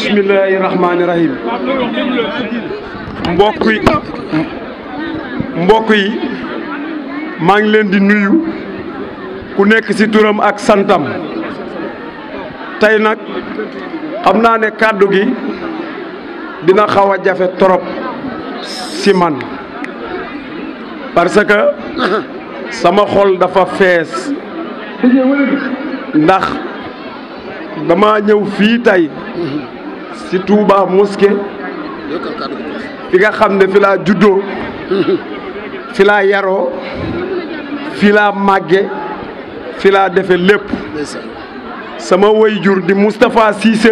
bismillaahi rahmaani rahim mbokk yi mbokk yi maa ngi leen di nuyu ku nekk ci turam ak santam tey nag xam naa ne kàddu gi dina xaw a jafe torop ci man parce que sama xol dafa fees ndax dama ñëw fii tey si Touba mosquée fi xam ne fi laa juddoo fi laa yaroo fi laa màgge fi laa defe lépp sama wayjur di Moustapha Cissé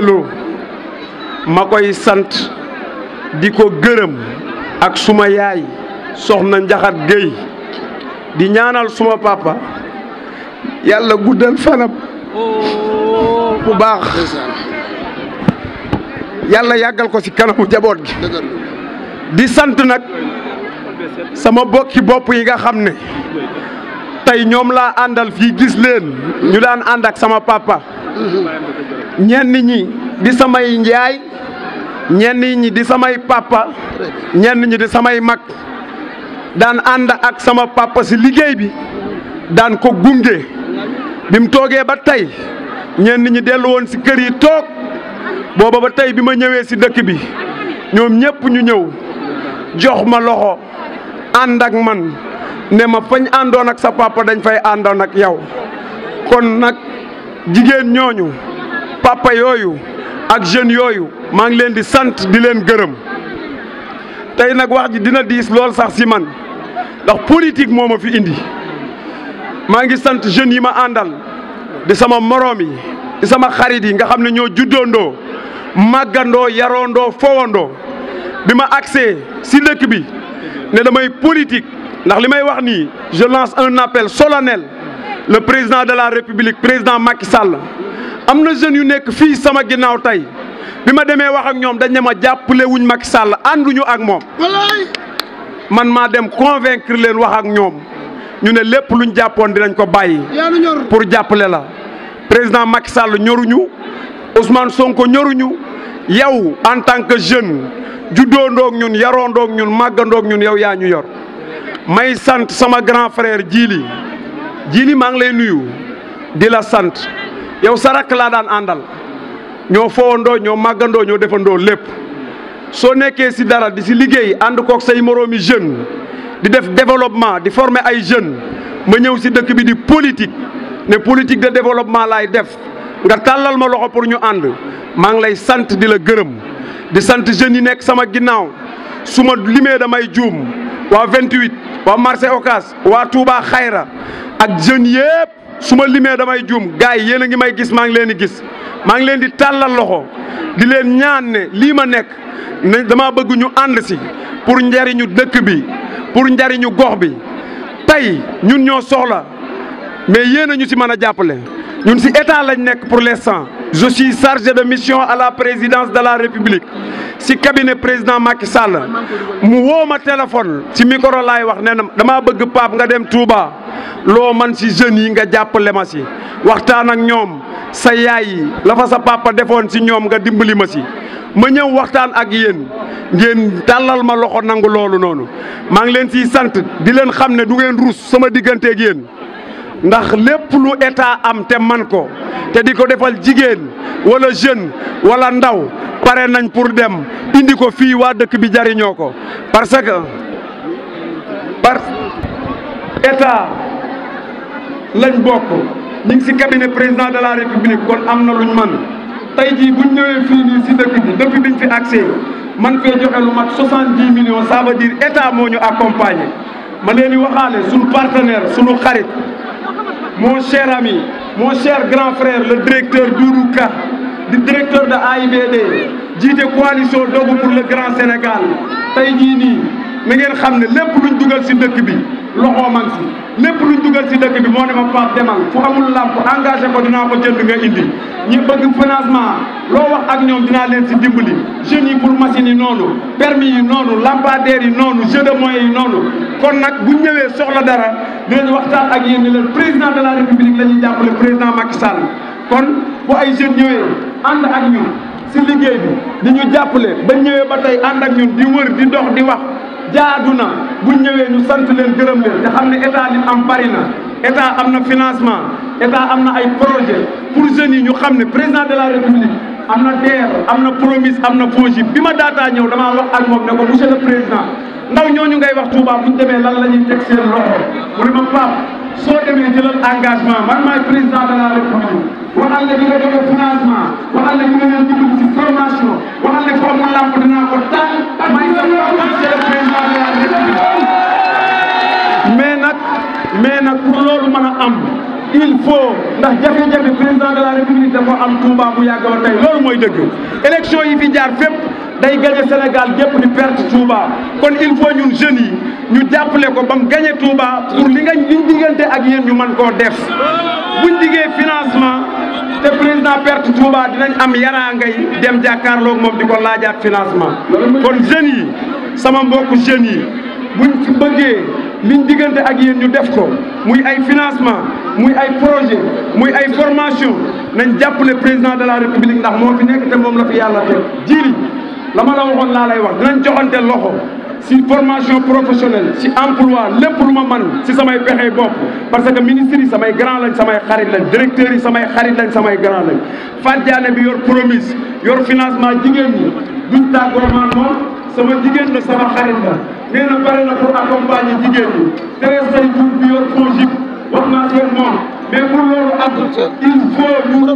ma koy sant di ko gërëm ak suma yaay soxna Njaxat Géy di ñaanal suma papa yàlla guddal fanam oh. bu baax yàlla yàggal ko ci kanamu jaboot gi di sant nag sama bokki bopp yi nga xam ne tey ñoom laa àndal fii gis leen ñu daan ànd ak sama papa ñenn ñi di samay njaay ñenn ñi di samay pàppa ñenn ñi di samay mag daan ànd ak sama pàppa ci liggéey bi daan ko gunge bi mu toogee ba tey ñenn ñi dellu woon ci kër yi toog booba ba tey bi ma ñëwee si dëkk bi ñoom ñëpp ñu ñëw jox ma loxo ànd ak man ne ma fañ àndoon ak sa papa dañ fay àndoon ak yow kon nag jigéen ñooñu papa yooyu ak jeunes yooyu maa ngi leen di sant di leen gërëm tey nag wax ji dina diis lool sax si man ndax politique moo ma fi indi maa ngi sant jeunes yi ma àndal di sama moroom yi di sama xarit yi nga xam ne ñoo juddoondoo màggandoo yarandoo fowandoo bi ma agsee si dëkk bi ne damay politique ndax li may wax nii je lance un appel solennel le président de la république président Macky Sall am na jeunes yu nekk fii sama ginnaaw tey bi ma demee wax ak ñoom dañ ne ma jàppale sàll Macky ak moom man maa dem convaincre leen wax ak ñoom ñu ne lépp luñ jàppoon dinañ ko bàyyi pour jàppale la président Macky Sall ñoruñu Ousmane Sonko ñoruñu yow en tant que jeune juddoondoog ñun yaroondoog ñun màggandoog ñun yow yaa ñu yor may sant sama grand frère jiili Djili maa ngi lay nuyu di la sant yow sarak laa daan àndal ñoo fowandoo ñoo màggandoo ñoo defandoo lépp soo nekkee si dara di si liggéey ànd kook say moroomi jeune di def développement di former ay jeune ma ñëw si dëkk bi di politique ne politique de développement lay def nga tàllal ma loxo pour ñu ànd maa ngi lay sant di la gërëm di sant jeunes yi nekk sama ginnaaw su ma limee damay juum waa 28 waa marché Ocas waa Touba Xayra ak jeunes yëpp su ma limee damay juum gars yi yéen a ngi may gis maa ngi leen di gis maa ngi leen di tàllal loxo di leen ñaan ne lii ma nekk ne dama bëgg ñu ànd si pour njariñu dëkk bi pour njariñu gox bi tey ñun ñoo soxla mais yéen a ñu si mën a jàppale. ñun ci état lañ nekk pour les je suis chargé de mission à la présidence de la république si cabinet président Macky Sall mu woo ma téléphone ci micro laay wax nee na damaa bëgg Pape nga dem Touba loo man si jeunes yi nga jàppale ma si waxtaan ak ñoom sa yaay yi la fa sa papa defoon si ñoom nga dimbali ma si ma ñëw waxtaan ak yéen ngeen tàllal ma loxo nangu loolu noonu maa ngi leen ciy sant di leen xam ne du ngeen ruus sama digganteeg yéen. ndax lépp lu état am te man ko te di ko defal jigéen wala jeune wala ndaw pare nañ pour dem indi ko fii waa dëkk bi jariñoo ko parce que par état lañ bokk ñu ngi ci cabinet président de la république kon am na luñ man tey jii buñ ñëwee fii nii ci dëkk bi depuis fi accès man fee joxe lu mat soixante-dix millions ça veut dire état moo ñu accompagner ma leen di waxaale suñu partenaire sunu xarit mon cher ami mon cher grand frère la directeur Doudou Ka di directeur de AIBD jiite coalition Dogu pour le Grand Sénégal tey jii nii na ngeen xam ne lépp luñ dugal si dëkk bi loxoo man si lépp luñ dugal si dëkk bi moo ne ma Pape demal fu amul làmp engagé ko dinaa ko jënd nga indi ñi bëgg financement loo wax ak ñoom dinaa leen si dimbali jeunes yi pour machine yi noonu permis yi noonu lampadaires yi noonu jeu de moyens yi noonu kon nag bu ñëwee soxla dara dinañ waxtaan ak yéen ni leen président de la république la ñuy jàppale président Macky Sall kon bu ay jeunes ñëwee ànd ak ñun si liggéey bi di ñu jàppale ba ñëwee ba tey ànd ak ñun di wër jaadu na bu ñëwee ñu sant leen gërëm leen te na ne état am bari na état am na financement état am na ay projet pour jeunes yi ñu xam ne président de la république am na DER am na promise am na projet bi ma daataa ñëw damaa wax ak moom ne ko monsieur le président ndaw ñooñu ngay wax Touba bu ñu demee lan la ñuy teg seen loxo mu ne ma Pape soo demee jëlal engagement man maay président de la république waxal ne di nga joxe financement waxal ne di nga leen dugg ci formation waxal am il faut ndax jafe-jafe président de la république dafa am Touba bu yàgg ba tey loolu mooy dëgg élection yi fi jaar fépp day gagné Sénégal gépp di perte Touba kon il faut ñun jeunes yi ñu jàppale ko ba mu gagné Touba pour li nga liñ diggante ak yéen ñu mën koo def buñ diggee financement te président perte Touba dinañ am yaraangay dem jàkkaarloog moom di ko laajaat financement kon jeunes yi sama mbokku jeunes yi bëggee liñ diggante ak yéen ñu def ko muy ay financement muy ay projet muy ay formation nañ jàppale président de la république ndax moo fi nekk te moom la fi yàlla de jiiri la ma la waxoon laa lay wax dinañ joxante loxo si formation professionnelle si emploi lépp lu ma man si samay pexe bopp parce que ministres yi samay grand lañ samay xarit lañ directeurs yi samay xarit lañ samay grand lañ fàjjaane bi yor promise yor financement jigéen ñi duñ tàggoo man sama jigéen la sama xarit nee na pare na pour accompagner jigéen ñi Thérèse Faye Diouf bi yor projet wax naa seen moom mais pour loolu am il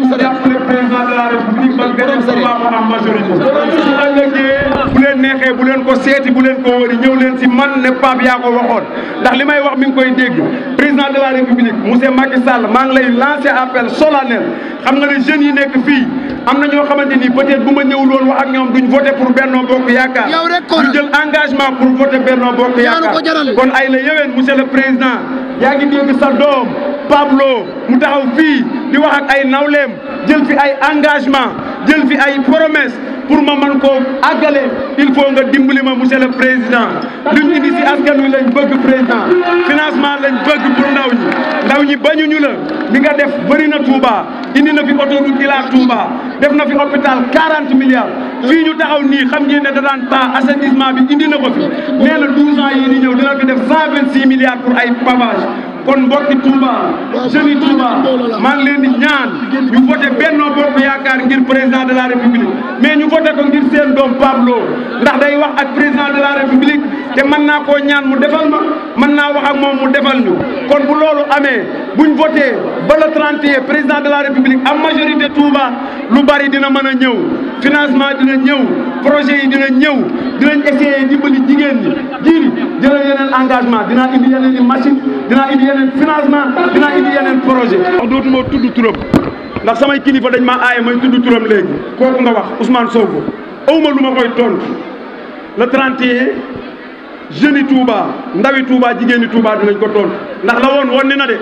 bu leen neexee bu leen ko seeti bu leen ko wëri ñëw leen si man ne Pape yaa ko waxoon ndax li may wax mi ngi koy dégg président de la république monsieur Macky Sall maa ngi lay lancé appel solennel xam nga ne jeunes yi nekk fii am na ñoo xamante ni peut-être bu ma ñëwul woon wax ak ñoom duñ voté pour Benno Bokk Yaakaar ñu jël engagement pour voté Benno Bokk Yaakaar kon ay la yeween monsieur le président yaa ngi dégg sa doom Pape Lo mu taxaw fii di wax ak ay nawleem jël fi ay engagement jël fi ay promesse pour ma man koo àggale il faut nga dimbali ma mu le président lu ñu indi si askan wi lañ bëgg président financement lañ bëgg pour ndaw ñi ndaw ñi bañuñu li nga def bëri na Touba indi na fi autoroute Ila Touba def na fi hôpital 40 milliards fii ñu taxaw nii xam ngeen ne da daan pas bi indi na ko fi nee na 12 ans yii di ñëw dina fi def 126 pour ay pavage kon mbokki Touba jeune Touba maa ngi di ñaan ñu voté Benno Bokk Yaakaar ngir président de la République mais ñu voté ko ngir seen doom Pablo ndax day wax ak président de la République te man naa koo ñaan mu defal ma mën naa wax ak moom mu defal ñu kon bu loolu amee buñ voté ba le 31 président de la République am majorité Touba lu bari dina mën a ñëw financement dina ñëw projet yi dinañ ñëw dinañ essayer dimbali jigéen ñi jiiri jëlal yeneen engagement dinaa indi yeneen i machine dinaa indi yeneen financement dinaa indi yeneen projet wax dootuma tudd turam ndax samay kilifa dañ ma aaye may tudd turam léegi kooku nga wax Ousmane Sonko awma lu ma koy tontu le 31 jeune yi Touba ndawi Touba jigéeni Touba dinañ ko tontu ndax la woon woon ne na de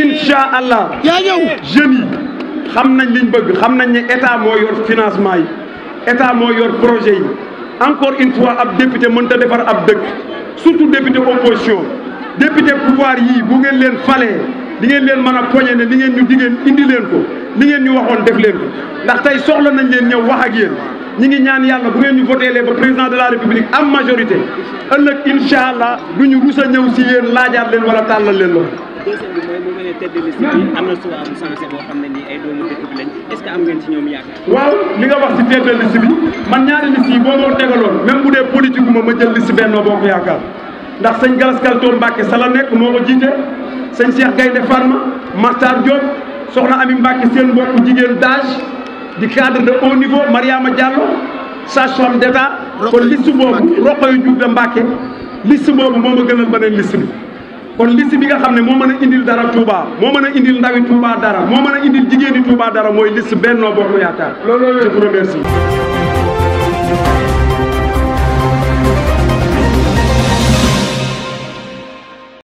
incha allah yaa ñëw jeunes yi xam nañ lañ bëgg xam nañ ne état moo yor financement yi état moo yor projet yi encore une fois ab député mën ta defar ab dëkk surtout député opposition député pouvoir yii bu ngeen leen falee di ngeen leen mën a poñe ne li ngeen ñu digeen indi leen ko li ngeen ñu waxoon def leen ko soxla nañ leen ñëw wax ak yéen ñi ngi ñaan yàlla bu ngeen ñu voteelee ba président de la république am majorité ëllëg incha allah du ñu rus a ñëw si yéen laajaat leen wala tàllal leen loolu deuxième bi mooy bu ma nee waaw li nga wax si tête de man ñaari liste yi boo doon bu dee politique gu ma ma jël liste Benno Bokk Yaakaar ndax sëñ Galas Kaltoom Mbacke sa la moo ko jiite sëñ Cheikh Gaynde Fatma Makhtar Diop soxna Ami Mbacke seen mbokku jigéen d'âge di cadre de haut niveau Mariama Diallo sage-femme d'État kon liste boobu Rokhaya Diouf de Mbacke liste boobu moo ma gënal beneen liste bi. kon liste bi nga xam ne moo mën a indil dara Touba moo mën a indil ndawi Touba dara moo mën a indil jigéeni Touba dara mooy liste Benno Bokk Yaakaar. loolu la je